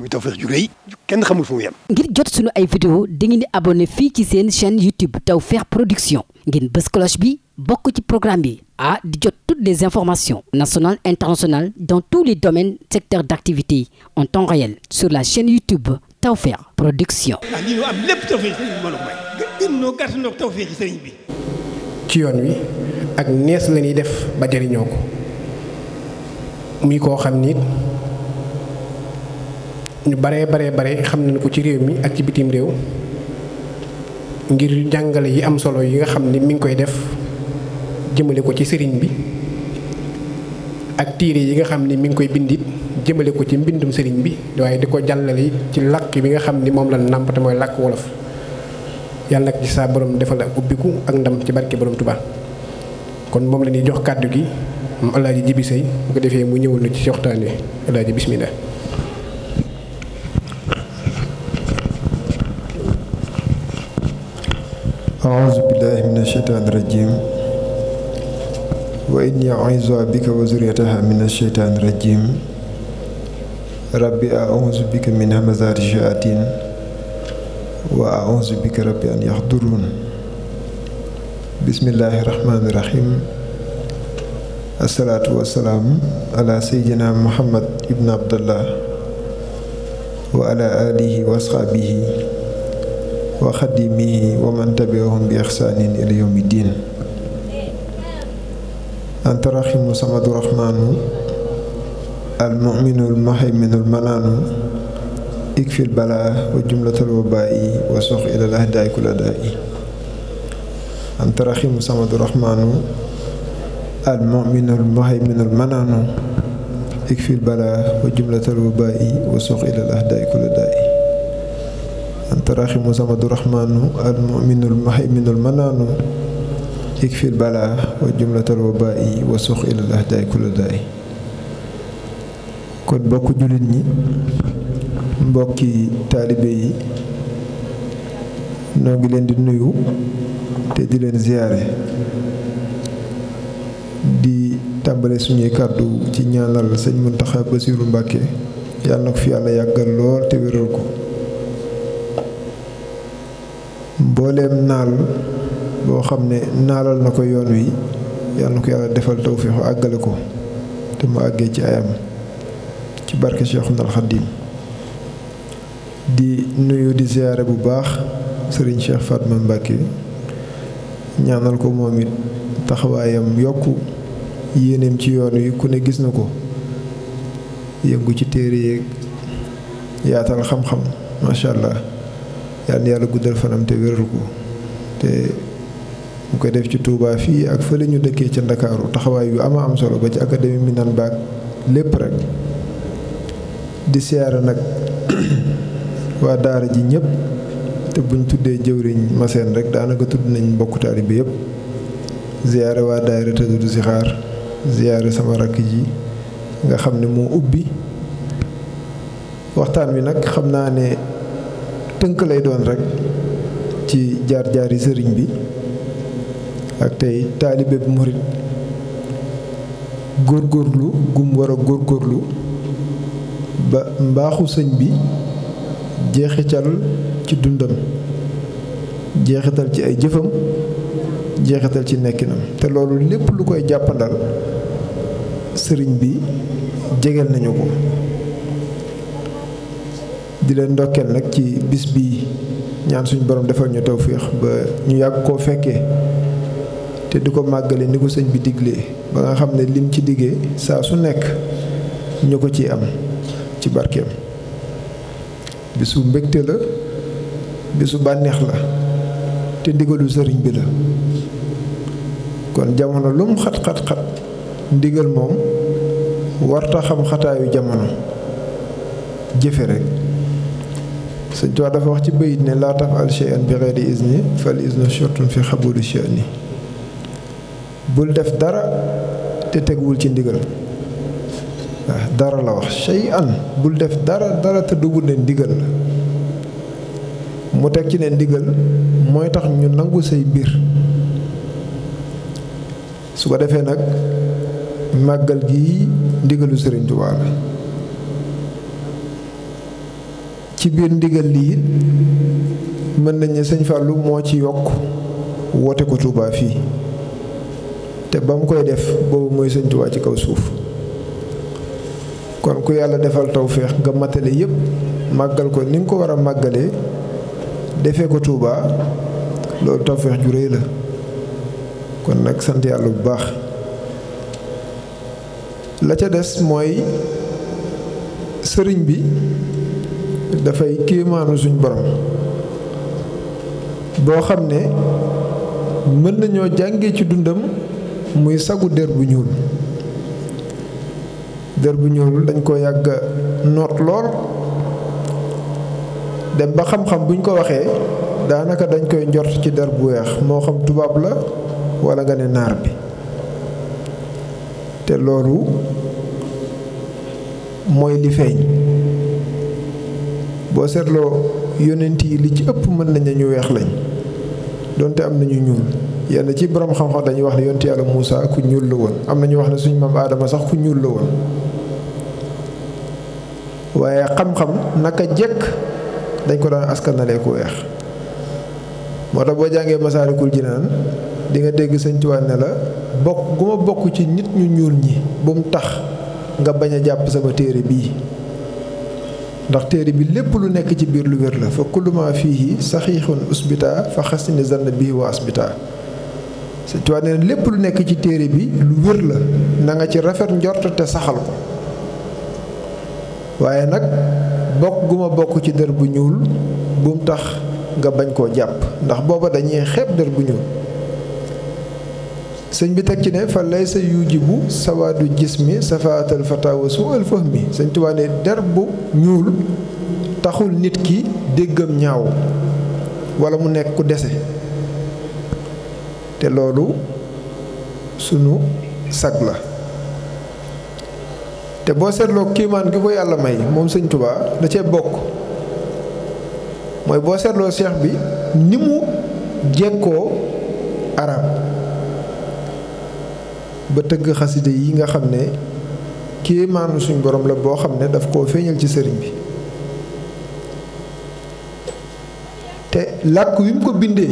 muy Tawfekh ju rëy kenn xamul fu mu yem. ngir jot sunu ay vidéo dangeen di abonné fii ci seen chaîne YouTube Tawfekh Production ngeen bës cloche bi bokk ci programme bi a di jot toutes des informations national internationales dans tous les domaines secteurs d'activité en temps réel sur la chaîne YouTube Tawfekh Production. ah lii ñu am lépp Tawfekh sëriñ bi mbooloo bi. ci yoon wi ak nees la def ba jëriñoo ko muy koo xam ni. ñu baree baree bare xam nañu ko ci réew mi ak ci bitim réew ngir jàngale yi am solo yi nga xam ni mi ngi koy def jëmale ko ci sëriñ bi ak téere yi nga xam ni mi ngi koy bindit jëmale ko ci mbindum sëriñ bi waaye di ko jàllale ci làkk bi nga xam ni moom la nàmpate mooy làkk wolof yàlla nag ci saa borom defal ak ubbiku ak ndam ci barke borom Tuubaa kon moom la ñuy jox kàddu gi mu Alaaji Jibi Sey bu ko defee mu ñëwul ci waxtaan wi Alaaji bismillah أعوذ بالله من الشيطان الرجيم وإني أعوذ بك وذريتها من الشيطان الرجيم ربي أعوذ بك من همزات الشياطين وأعوذ بك ربي أن يحضرون بسم الله الرحمن الرحيم الصلاة والسلام على سيدنا محمد ابن عبد الله وعلى آله وأصحابه wa xadimi wa man tabiahum bi ixsaanin ila yawmi diin anta raximu samadu raxmaanu almuminu almuhayminu almanaanu ikfil balaa wa jumlatal wabaayi wa sox ilal ahdaay kula daayi anta raximu samadu raxmaanu almuminu almuhayminu almanaanu ikfil balaa wa jumlatal wabaayi wa sox ilal ahdaay kula daayi taraximu samadu raxmaanu almuminul muhayminul manaanu ikfil balaa wa jumlatal wabaa'i wa suux ilal ahdaay kulla daay kon bokk jullit ñi mbokki taalibe yi noo ngi leen di nuyu te di leen ziyaare di tàmbale suñuy kàddu ci ñaanal sëñ Muntaxa Basiiru Mbàkke yàlla na ko fi yàlla yàggal lool te wéral ko mbooleem naal boo xam ne naalal na ko yoon wi yàlla na ko yàlla defal tawféexu àggale ko te mu àggee ci ayam ci barke Seexul Xadiim di nuyu di ziyaare bu baax sëriñ Cheikh Fatma Mbàkke ñaanal ko moom it taxawaayam yokk yéeneem ci yoon wi ku ne gis na ko yëngu ci téere yeeg yaatal xam-xam macha allah. yàlla guddal fanam te wéral ko te mu koy def ci tuubaa fii ak fële ñu dëkkee ca Ndakaaru taxawaay yu ama am solo ba ci académie mi nan baag lépp rek di siyaara nag waa daara ji ñëpp te buñ tuddee jëwriñ Massène rek daanaka tudd nañ mbokku taalibe yëpp ziyaare waa daayira Tazawudu Sixaar ziyaare sama rakk ji nga xam ni moo ubbi waxtaan wi nag xam naa ne tënk lay doon rekk ci jaar-jaari sëriñ bi ak tey taalibe bu murit góorgóorlu gum war a góorgóorlu ba mbaaxu sëñ bi jeexital ci dundam jeexital ci ay jëfam jeexital ci nekkinam te loolu lépp lu koy jàppandal sëriñ bi jegeel nañu ko di leen ndokkeel nag ci bis bi ñaan suñu borom defal ñu tawféex ba ñu yàgg koo fekkee te di ko màggale ni ko sëñ bi digle ba nga xam ne lim ci diggee saa su nekk ñu ko ci am ci barkeem bisu mbégte la bisu bànneex la te ndigalu sëriñ bi la kon jamono lum xat-xat-xat ndigal moom warta xam xataayu jamono jëfe rekk sëñ Tuubaa dafa wax ci bayit ne laa taf al shay'an bi ghayri izni fal iznu shartun fi xabuli ni bul def dara te teguwul ci ndigal ah, dara la wax shay'an bul def dara dara te dugul ne ndigal mu teg ci ne ndigal mooy tax ñu nangu say mbir su ko defee nag màggal gi ndigalu Sëriñ Tuubaa la ci biir ndigal lii mën nañ ne sëñ Fallou moo ci yokk woote ko tuubaa fii te ba mu koy def boobu mooy sëñ ci kaw suuf kon ku yàlla defal tawféex nga matale yépp màggal ko ni nga ko war a màggalee defee ko tuubaa loolu tawféex ju réy la kon nag sant yàlla bu baax la ca des mooy sëriñ bi dafay kéemaanu suñ borom boo xam ne mën nañoo jàngee ci dundam muy sagu dër bu ñuul dër bu ñuul dañ ko yàgg noot lool dem ba xam-xam buñ ko waxee daanaka dañ koy njort ci der bu weex moo xam tubaab la wala nga ne naar bi te loolu mooy li feeñ boo seetloo yonent yi li ci ëpp mën nañ ñu weex lañ donte am nañu ñuul yenn ci boroom xam-xam dañuy wax ne yonent yàlla Moussa ku ñuul la woon am na ñu wax ne suñu maam Aadama sax ku ñuul la woon waaye xam-xam naka jekk dañ ko daan askanalee ku weex moo tax boo jàngee Masaalikul Jinaan di nga dégg Sëñ Tuubaa ne la bokk gu ma bokk ci nit ñu ñuul ñi bu mu tax nga bañ a jàpp sama téere bii ndax téere bi lépp lu nekk ci biir lu wér la fa kulluma fii saxiixun usbita fa xasini zann bii wa asbita Sëñ Tuubaa lépp lu nekk ci téere bi lu wér la na nga ci rafet njort te saxal ko waaye nag bokk gu ma bokk ci dër bu ñuul bum tax nga bañ koo jàpp ndax booba dañuy xeeb dër bu ñuul sëñ bi teg ci ne fa lay sa yujibu sawaadu jismi safaatal fatawa su al fahmi sëñ Tuubaa ne der bu ñuul taxul nit ki déggam ñaaw wala mu nekk ku dese te loolu sunu sag la te boo seetloo kiimaan gi ko yàlla may moom sëñ Tuubaa da cee bokk mooy boo seetloo seex bi ni mu jekkoo arab ba tëgg xasida yi nga xam ne kéemaanu suñ boroom la boo xam ne dafa koo feeñal ci sëriñ bi te làkk wi mu ko bindee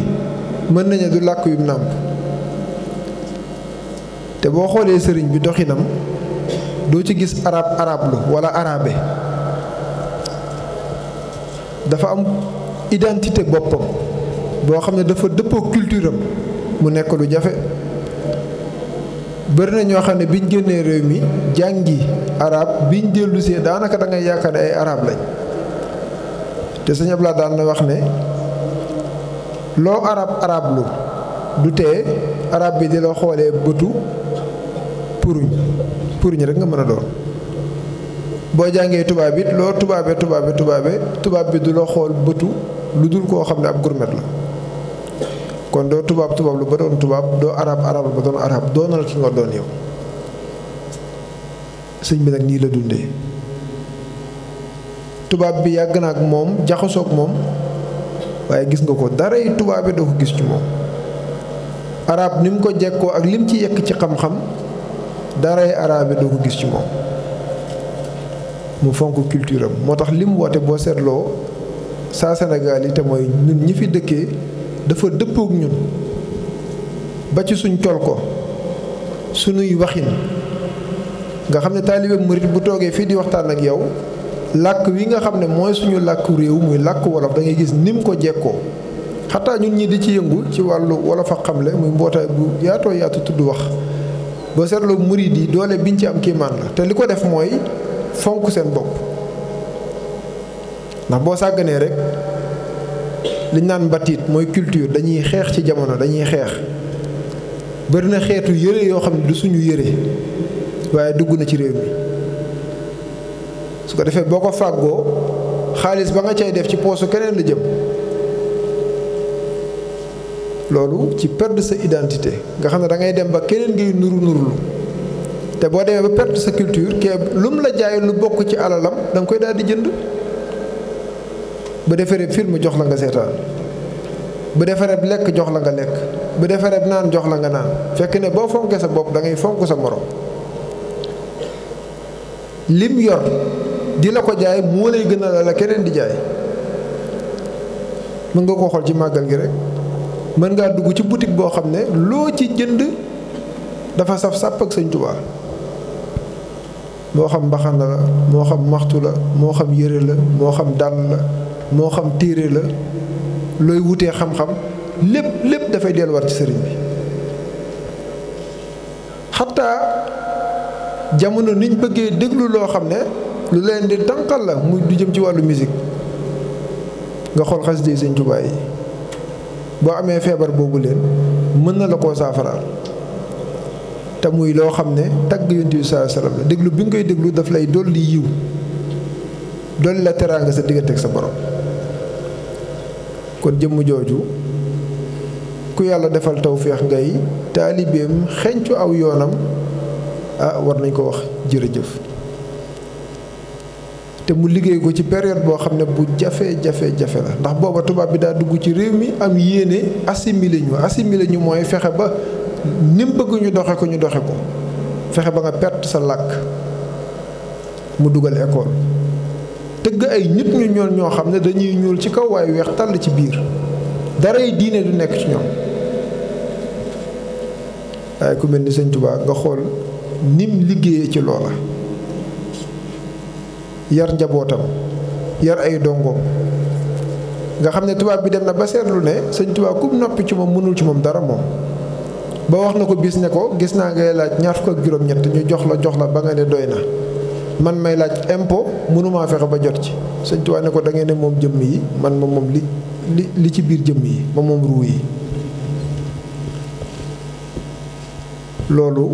mën nañu du làkk wi mu nàmp te boo xoolee sëriñ bi doxinam doo ci gis arab arab lu wala arabe dafa am identité boppam boo xam ne dafa dëppoo culture mu nekk lu jafe bëri na ñoo xam ne bi ñu génnee réew mi jàngi arab biñ dellu see daanaka da ngay yaakaar ay arab lañ te sëñ Abdoulaye daan na wax ne loo arab arab lu du tee arab bi di la xoolee bëtu puruñ puruñ rek nga mën a doon boo jàngee tubaab it loo tubaabe tubaabe tubaabe tubaab bi du la xool bëtu lu dul koo xam ne ab gurmet la kon doo tubaab tubaab lu ba doon tubaab doo arab arab lu ba doon arab doonal ki nga doon yow sëñ bi nag nii la dunde tubaab bi yàgg na ak moom jaxasoog moom waaye gis nga ko dara yi tubaab doo ko gis ci moom arab ni mu ko jekkoo ak lim ci yekk ci xam-xam dara yi doo ko gis ci moom mu fonk culture moo tax li mu woote boo seetloo saa senegal yi te mooy ñun ñi fi dëkkee dafa dëppook ñun ba ci suñ col ko suñuy waxin nga xam ne taalibe murit bu toogee fii di waxtaan ak yow làkk wi nga xam ne mooy suñu làkku réew muy làkk wolof dangay gis ni ko jekkoo xataa ñun ñi di ci yëngu ci wàllu wolof ak xamle muy mbootaay bu yaatoo yaatu tudd wax boo seetloo murit yi doole biñ ci am kiimaan la te li ko def mooy fonk seen bopp ndax boo sàgganee rek liñ naan mbatiit mooy culture dañuy xeex ci jamono dañuy xeex bari na xeetu yére yoo xam ne du suñu yére waaye dugg na ci réew mi su ko defee boo ko fàggoo xaalis ba nga cay def ci poosu keneen la jëm loolu ci perdre sa identité nga xam ne da ngay dem ba keneen ngay nuru nurulu te boo demee ba perdre sa culture kee lu mu la jaay lu bokk ci alalam da koy daal di jënd bu defaree film jox la nga seetaan bu defaree lekk jox la nga lekk bu defaree naan jox la nga naan fekk ne boo fonkee sa bopp dangay ngay fonk sa morom lim yor di la ko jaay moo lay gën la keneen di jaay mën nga ko xool ci màggal gi rek mën ngaa dugg ci boutique boo xam ne loo ci jënd dafa saf sàpp ak Sëñ Tuubaa moo xam mbaxana la moo xam maxtu la moo xam yére la moo xam dàll la moo xam téere la looy wutee xam-xam lépp lépp dafay delluwaat ci sëriñ bi xataa jamono niñ bëggee déglu loo xam ne lu leen di tànqal la muy du jëm ci wàllu misik nga xool xasida yi sëñ Tuubaa yi boo amee feebar boobu leen mën na la koo saafaraal te muy loo xam ne tagg yonent bi saa salaam la déglu bi nga koy déglu daf lay dolli yiw dolli la teraanga sa diggante ak sa borom kon jëmm jooju ku yàlla defal tawféex ngay taalibeem xencu aw yoonam a ah, war nañ ko wax jërëjëf te mu liggéey ko ci période boo xam ne bu jafe jafe jafe la ndax booba tubaab bi daa dugg ci réew mi am yéene assimilé ñu assimilé ñu mooy fexe ba nim bëgguñu bëgg doxe ko ñu doxe ko fexe ba nga perte sa làkk mu dugal école tëgg ay nit ñu ñuul ñoo xam ne dañuy ñuul ci kaw waaye weex tàll ci biir dara yi diine du nekk ci ñoom waaye ku mel ni sëñ Tuubaa nga xool nim liggéeyee ci loola yar njabootam yar ay dongoom nga xam ne tubaab bi dem na ba seetlu ne sëñ Tuubaa ku noppi ci moom mënul ci moom dara moom ba wax na ko bis ne ko gis naa ngay laaj ñaar fukk ak juróom-ñett ñu jox la jox la ba nga ne doy na man may laaj impôt mënumaa fexe ba jot ci sëñ Tuubaa ko da ngeen ne moom jëmm yi man ma moom li li li ci biir jëmm yi ma moom ruu yi loolu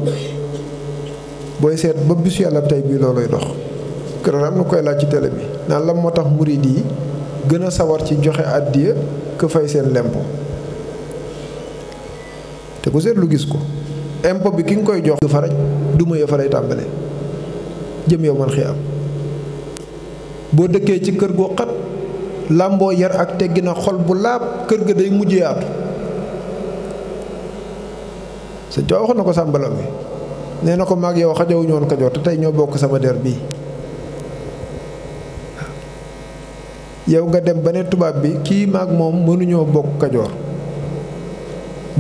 booy seet ba bisu yàlla tey bii looloy dox keroog am koy laaj ci tele bi naan lan moo tax murid yi gën a sawar ci joxe àddiya que fay seen lempo te ku seet lu gis ko impôt bi ki nga koy jox. du fa rek du fa lay tàmbalee. jëm yow man am boo dëkkee ci kër goo xat làmboo yar ak teggin a xol bu laab kër ga day mujj yaatu sëñ Tuubaa waxoon na ko sàmbala bi nee na ko maag yow xajowuñu woon Kajoor te tey ñoo bokk sama der bii yow nga dem ba ne tubaab bi kii maag moom mënuñoo bokk Kajoor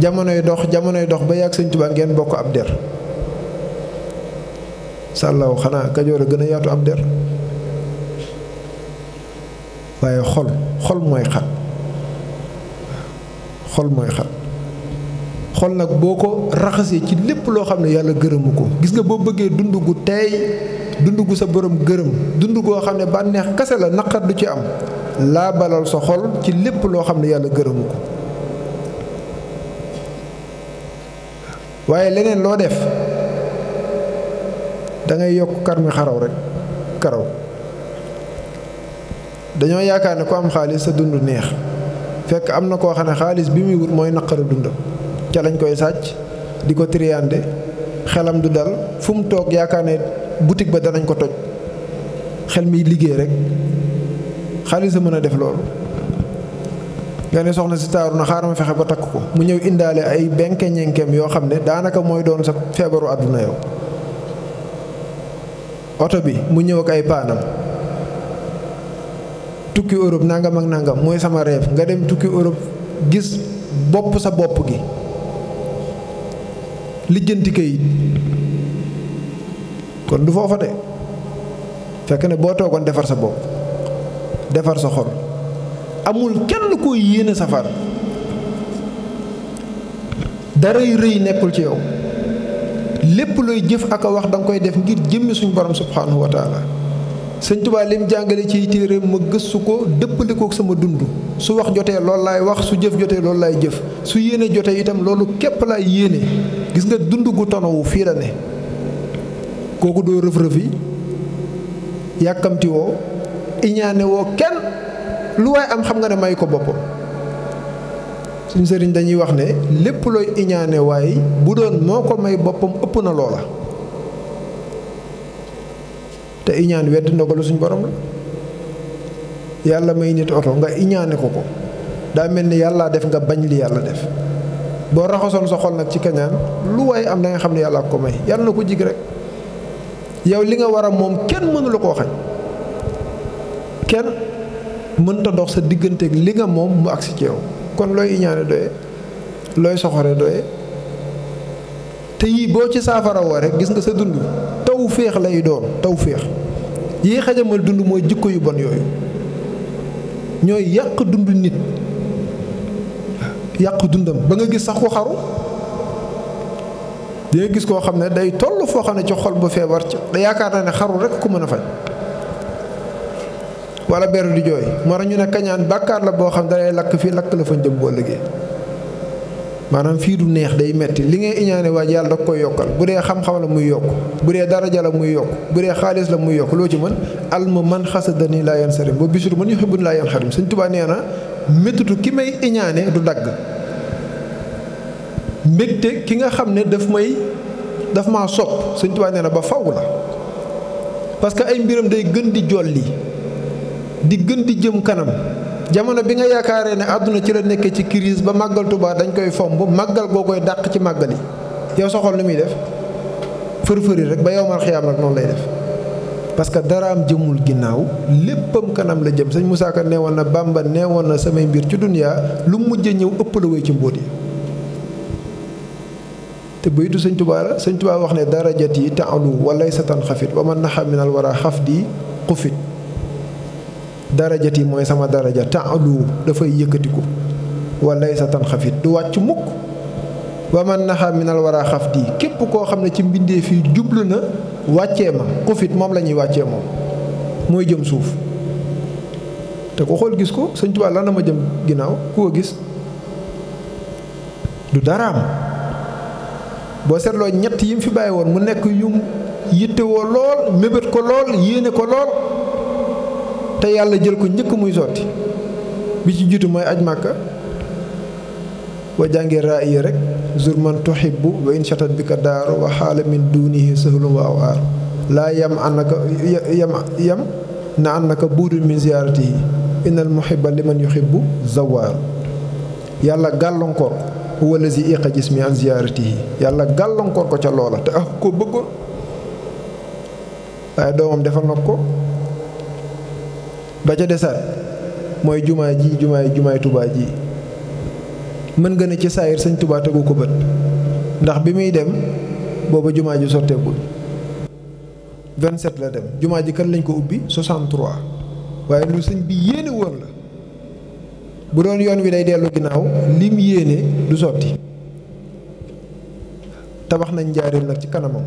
jamonoy dox jamonoy dox ba yàgg sëñ Tuubaa ngeen bokk ab der sàllaaw xanaa kajoor a gën a yaatu ab der waaye xol xol mooy xat xol mooy xat xol nag boo ko raxasee ci lépp loo xam ne yàlla gërëmu ko gis nga boo bëggee dund gu teey dund gu sa borom gërëm dund goo xam ne bànneex kase la naqar du ci am laa balal sa xol ci lépp loo xam ne yàlla gërëmu ko waaye leneen loo def da ngay yokk kar mi xaraw rek karaw dañoo yaakaar ne ku am xaalis sa dund neex fekk am na koo xam ne xaalis bi muy wut mooy naqara dundam ca lañ koy sàcc di ko triande xelam du dal fu mu toog yaakaar ne boutique ba danañ ko toj xel mi liggéey rek xaalis a mën a def loolu nga ne soxna si taaru na xaaral ma fexe ba takk ko mu ñëw indaale ay benke ñenkeem yoo xam ne daanaka mooy doon sa feebaru àdduna yow oto bi mu ñëw ak ay paanam tukki Europe nangam ak nangam mooy sama rêve nga dem tukki Europe gis bopp sa bopp gi lijjanti kayit kon du foofa de fekk ne boo toogoon defar sa bopp defar sa xol amul kenn koo yéene safar daray rëy nekkul ci yow lépp looy jëf ak a wax da nga koy def ngir jëmmi suñu borom subhanahu wa taala sëñ Tuubaa lim jàngale ci téere ma gëstu ko dëppale sama dund su wax jotee loolu laay wax su jëf jotee loolu laay jëf su yéene jote itam loolu képp laay yéene gis nga dund gu tonowu fii la ne kooku doo rëf rëfi yàkkamti woo iñaane woo kenn lu waay am xam nga ne may ko boppam suñu sëriñ dañuy wax ne lépp looy iñaane waaye bu doon moo ko may boppam ëpp na loola te iñaan wedd ndogalu suñu borom la yàlla may nit oto nga iñaane ko ko daa mel ni yàllaa def nga bañ li yàlla def boo raxasoon sa xol nag ci kañaan lu waaye am dangay xam ne yàllaa ko may yàlla na ko jig rek yow li nga war a moom kenn mënu la koo xañ kenn mënta dox sa digganteeg li nga moom mu agsi ci yow kon looy iñaane doye looy soxore doye te yii boo ci saafara woo rek gis nga sa dund taw féex lay doom taw féex yii xajamal dund mooy jikko yu bon yooyu ñooy yàq dund nit yàq dundam ba nga gis sax ku xaru di nga gis koo xam ne day toll foo xam ne ci xol bu feebar ci yaakaar naa ne xaru rek ku mën a faj wala beru di jooy moo ñu ne kañaan bàkkaar la boo xam dalay lakk fii lakk la fa jëm boo liggéey maanaam fii du neex day metti li ngay iñaane waaj yàlla da koy yokkal bu dee xam-xam la muy yokk bu dee daraja la muy yokk bu dee xaalis la muy yokk loo ci mën alma man xasadani laa yan sarim ba bisul mën ñu xibun laa yan xarim Sëñ Tuubaa nee na méttitu ki may iñaane du dagg mbégte ki nga xam ne daf may daf ma sopp Sëñ Tuubaa nee na ba faw la parce que ay mbiram day gën di jolli di gën di jëm kanam jamono bi nga yaakaaree ne àdduna ci la nekke ci crise ba màggal Tuubaa dañ koy fomb màggal goo koy dàq ci màggal yi yow soxol nu muy def fërfëri rek ba yow mal xiyaam rek noonu lay def parce que daraam jëmul ginnaaw léppam kanam la jëm sëñ Moussa Ka nee woon na Bàmba nee woon na samay mbir ci duniyaa lu mujj ñëw ëpp la wéy ci mbóot yi te baytu sëñ Tuubaa la sëñ Tuubaa wax ne darajat yi taalu walay sa tan xafit wa man naxa minal war a xaf di xufit darajat yi mooy sama daraja taalu dafay yëkkatiku walay sa tan xafit du wàcc mukk wa man mi minal war a xaf di képp koo xam ne ci mbindee fii jublu na wàcce ma xufit moom la ñuy wàccee moom mooy jëm suuf te ko xool gis ko sëñ Tuubaa lan na ma jëm ginnaaw ku ko gis du daraam boo seetloo ñett yi mu fi bàyyi woon mu nekk yum yittewoo lool mébét ko lool yéene ko lool te yàlla jël ko njëkk muy sotti bi ci jiitu mooy aj màkka wa jàngee raa yi rek zur man wa in bi ka daaru wa xaala min dunihi sahlun wa laa yam annaka yam na annaka buudul min ziyaaratihi innal muhibba liman yuhibbu zawaaru yàlla gàllankoor huwa lazi iqa jismi an ziyaaratihi yàlla gàllankoor ko ca loola te ak ah, ko bëggoon waaye doomam defal na ko ba ca desaat mooy jumaa ji jumaay jumaay tubaa ji mën nga ne ci saayir sëñ tubaa tegu ko bët ndax bi muy dem booba jumaa ji sotteegul 27 la dem jumaa ji kan lañ ko ubbi 63 waaye lu sëñ bi yéene woon la bu doon yoon wi day dellu ginnaaw lim yéene du sotti tabax nañ njaareem nag ci kanamam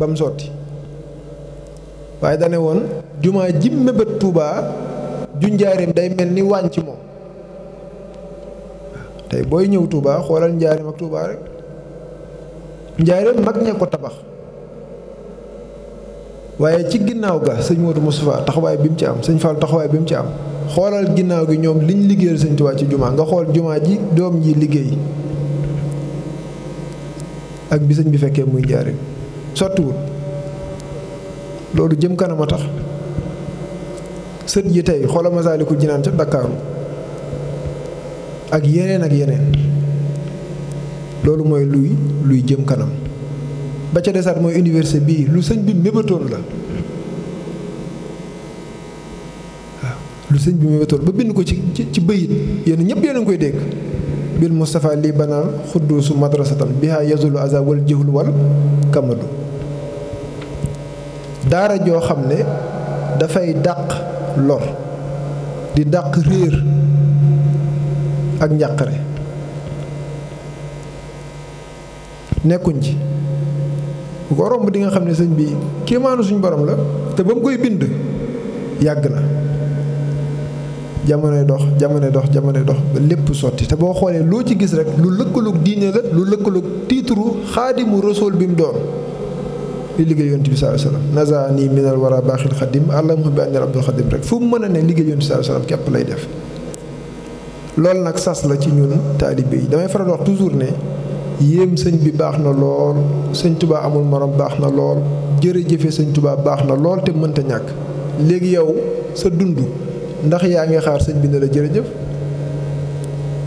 ba mu sotti waaye dane woon jumaa ji mébét Tuubaa ju njaarim day mel ni waañ ci moom tey booy ñëw Touba xoolal njaarim ak Touba rek njaarim mag ñee ko tabax waaye ci ginnaaw ga sëñ Modou Moustapha taxawaay bi mu ci am sëñ Fall taxawaay bi mu ci am xoolal ginnaaw gi ñoom liñ liggéeyal sëñ Touba ci jumaa nga xool jumaa ji doom yi liggéey ak bi bi fekkee muy njaarim sottiwul loolu jëm kanam a tax sët yi tey xoola Masaalikul Jinaan ca Ndakaaru ak yeneen ak yeneen loolu mooy luy luy jëm kanam ba ca desaat mooy université bii lu sëñ bi mébatoon la lu sëñ bi mébatoon ba bind ko ci ci bëyit yéen ñëpp yéen a koy dégg bil Moustapha lii banaa su madrasatan bi yazulu aza wal jëhul wal kamadu daara joo xam ne dafay dàq lor di dàq réer ak njàqare nekkuñ ci bu ko romb di nga xam ne sëñ bi kéemaanu suñ boroom la te ba mu koy bind yàgg na jamonoy dox jamonoy dox jamonoy dox ba lépp sotti te boo xoolee loo ci gis rek lu lëkkaloog diine la lu lëkkaloog tiituru xaadimu rasuul bi mu doon li liggéey yonent bi sallallahu alayhi wasallam nazaani minal wara baaxil xadim àllamu bi anni abdul xadim rek fu mu mën a ne liggéey yonent bi sallallahu alayhi wasallam képp lay def loolu nag sas la ci ñun taalibe yi damay faral wax toujours ne yéem sëñ bi baax na lool sëñ tubaa amul morom baax na lool jërëjëfe sëñ tubaa baax na lool te mënta ñàkk léegi yow sa dund ndax yaa ngi xaar sëñ bi ne la jërëjëf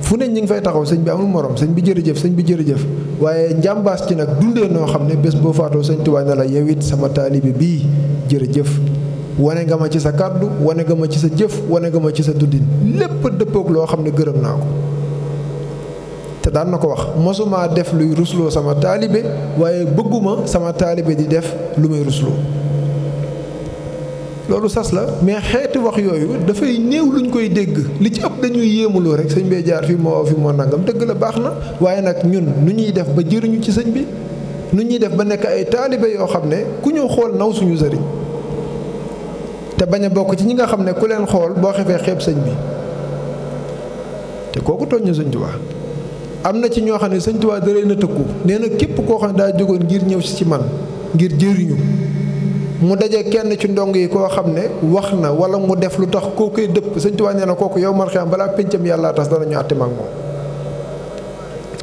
fu ne ni ngi fay taxaw sëñ bi amul moroom sëñ bi jërëjëf sañ bi jërëjëf waaye njàmbaas ci nag dundee noo xam ne bés boo faatoo sëñ Tuubaa na la yow it sama taalibe bii jërëjëf wane nga ma ci sa kàddu wane nga ma ci sa jëf wane nga ma ci sa dundin lépp dëppook loo xam ne gërëm naa ko te daan na ko wax mosuma def luy rusloo sama taalibe waaye bëgguma sama taalibe di def lu may rusloo loolu sas la mais xeeti wax yooyu dafay néew luñ koy dégg li ci ëpp dañuy yéemuloo rek sëñ bee jaar fii moo fi moo nagam dëgg la baax na waaye nag ñun nu ñuy def ba jëriñu ci sëñ bi nu ñuy def ba nekk ay taalibe yoo xam ne ku ñëw xool naw suñu sëriñ te bañ a bokk ci ñi nga xam ne ku leen xool boo xefee xepp sëñ bi te kooku tooñ na sëñ Tuubaa am na ci ñoo xam ne sëñ Tuubaa da leen tëkku nee na képp koo xam ne daa jógoon ngir ñëw si ci man ngir jëriñu mu daje kenn ci ndong yi koo xam ne wax na wala mu def lu tax koo koy dëpp sëñ Tuubaa na kooku yow man xam balaa péncam yàllaa tas dana ñu àtte maag moom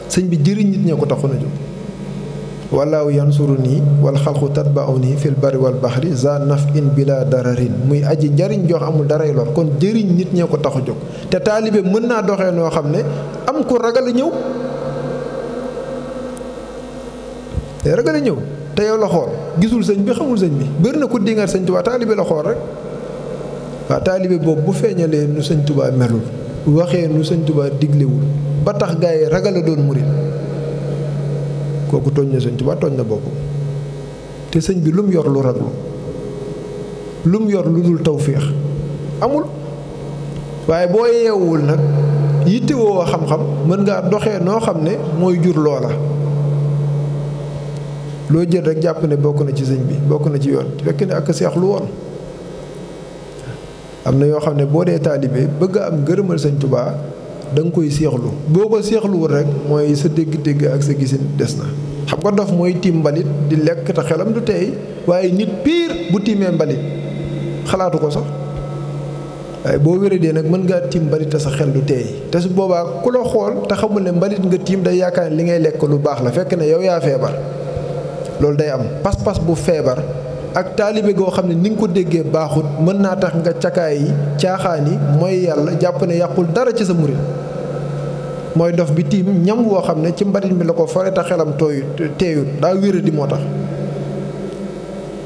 sëñ bi jëriñ nit ñee ko taxoon a jóg walaaw yansuru nii wal xalqu tatbaaw nii fil bari wal baxri za naf in bila dararin muy aji njariñ jox amul daray lool kon jëriñ nit ñee ko taxu jóg te taalibe mën naa doxee noo xam ne am ko ragal a ñëw ragal a ñëw te yow la xool gisul sëñ bi xamul sëñ bi bëri na ku dingal sëñ tubaa taalibe la xool rek waaw taalibe boobu bu feeñalee nu sëñ tubaa melul waxee nu sëñ tubaa diglewul ba tax gaa yi ragal a doon murit kooku tooñ na sëñ tubaa tooñ na boppam te sëñ bi lum mu yor lu raglu lu yor lu dul tawféex amul waaye boo yeewul nag yittewoo xam-xam mën ngaa doxe noo xam ne mooy jur loola loo jël rek jàpp ne bokk na ci sëñ bi bokk na ci yoon fekk ne ak seexlu woon am na yoo xam ne boo dee taalibe bëgg am gërëmal sëñ tubaa danga koy seexlu boo ko seexluwul rek mooy sa dégg-dégg ak sa gisin des na xam nga dof mooy tiim mbalit di lekk te xelam du tey waaye nit piir bu tiimee mbalit xalaatu ko sax waaye boo wéradee nag mën ngaa tiim mbalit te sa xel du teey te su boobaa ku la xool te xamul ne mbalit nga tiim day yaakaar ne li ngay lu baax la fekk ne yow yaa feebar loolu day am pas-pas bu feebar ak taalibe goo xam ne ni nga ko déggee baaxut mën naa tax nga cakaay yi caaxaan yi mooy yàlla jàpp ne yàqul dara ci sa murit mooy dof bi tiim ñam woo xam ne ci mbalit bi la ko fore te xelam tooyu teeyut daa wéra di moo tax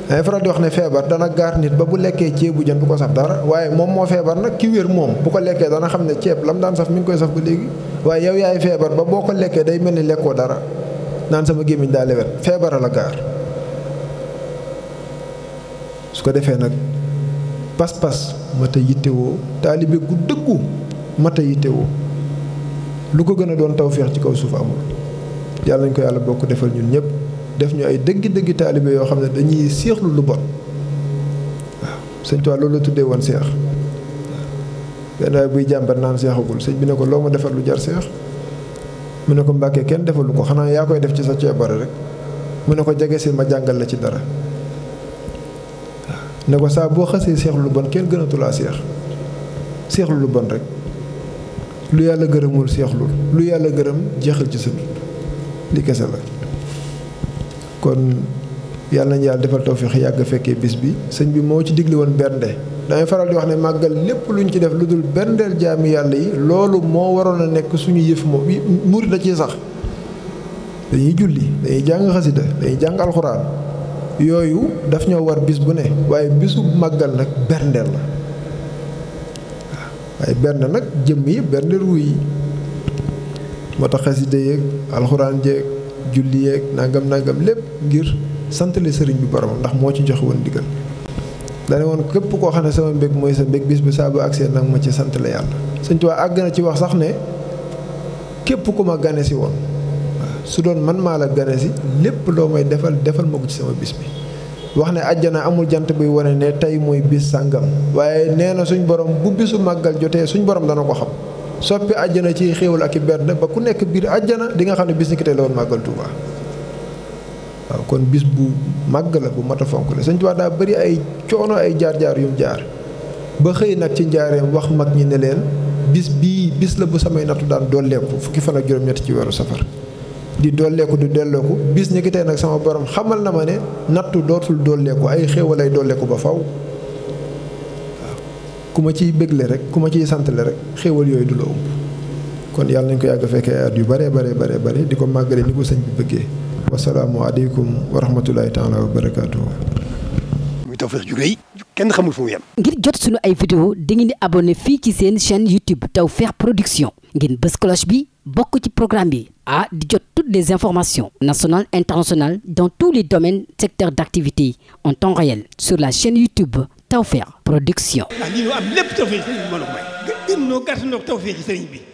dangay faral di wax ne feebar dana gaar nit ba bu lekkee ceebu jën bu ko saf dara waaye moom moo feebar nag ki wér moom bu ko lekkee dana xam ne ceeb lam daan saf mi ngi koy saf ba léegi waaye yow yaay feebar ba boo ko lekkee day mel ni lekkoo dara naan sama gémmiñ daa lewet feebara la gaar su ko defee nag pas-pas mat a yittewoo taalibe gu dëggu mat a yittewoo lu ko gën a doon tawféex ci kaw suuf amul yàlla nañ ko yàlla bokk defal ñun ñëpp def ñu ay dëggi-dëggi taalibe yoo xam ne dañuy seexlu lu bon waaw sëñ Tuubaa loolu la tuddee woon seex benn waaye buy jàmbat seexagul sëñ bi ne ko loo ma defal lu jar seex mu ne ko mbàkkee kenn defalu ko xanaa yaa koy def ci sa ceebare rek mu ne ko jege si ma jàngal la ci dara ne ko saa boo xasee seexlu lu bon kenn gënatulaa seex seexlu lu bon rek lu yàlla gërëmul seexlul lu yàlla gërëm jeexal ci sa li kese la kon yàlla nañ yàlla defal tawféex yàgg fekkee bis bi sëñ bi moo ci digle woon bernde damay faral di wax ne màggal lépp lu ñu ci def lu dul berndeel jaami yàlla yi loolu moo waroon a nekk suñu yëf moom murit da ciy sax dañuy julli dañuy jàng xasida dañuy jàng alxuraan yooyu daf ñoo war bis bu ne waaye bisu màggal nag berndeel la waaye bernde nag jëmm yi bernde ruuy yi moo tax xasida yeeg alxuraan jeeg julli yeeg nangam nangam lépp ngir santale sëriñ bi borom ndax moo ci joxe woon ndigal dana woon képp koo xam ne sama mbég mooy sa mbég bis bi saa bu agsee nag ma ci sant la yàlla sëñ Tuubaa àgg na ci wax sax ne képp ku ma gane si woon su doon man maa la gane si lépp loo may defal defal ma ko ci sama bis bi wax ne àjjana amul jant buy wane ne tey mooy bis sàngam waaye nee na suñ borom bu bisu màggal jotee suñ borom dana ko xam soppi àjjana ci xéewal ak i bernde ba ku nekk biir àjjana di nga xam ne bis ni ki la woon màggal Tuubaa waaw kon bis bu màgg la bu mat a fonk la sëñ Tuubaa daa bari ay coono ay jaar-jaar yu mu jaar ba xëy nag ci njaareem wax mag ñi ne leen bis bii bis la bu samay nattu daan dolleeku fukki fan a juróom-ñett ci weeru safar di dolleeku di dellooku bis ñi ki tey nag sama boroom xamal na ma ne nattu dootul dolleeku ay xéewal ay dolleeku ba faw ku ma ciy bégle rek ku ma ciy santale rek xéewal yooyu du la kon yàlla nañ ko yàgg fekkee at yu bare bare bare bare di ko màggale ni ko sëñ wasalaamu aleykum wa rahmatulahi taala muy tawfeex ju kenn xamul fu mu ngir jot sunu ay vidéo dangeen di abonné fii ci seen chaîne YouTube Tawfekh Production ngeen bës cloche bi bokk ci programme bi ah di jot toutes des informations national internationales dans tous les domaines secteurs d'activité en temps réel sur la chaîne YouTube Tawfekh Production. ah lii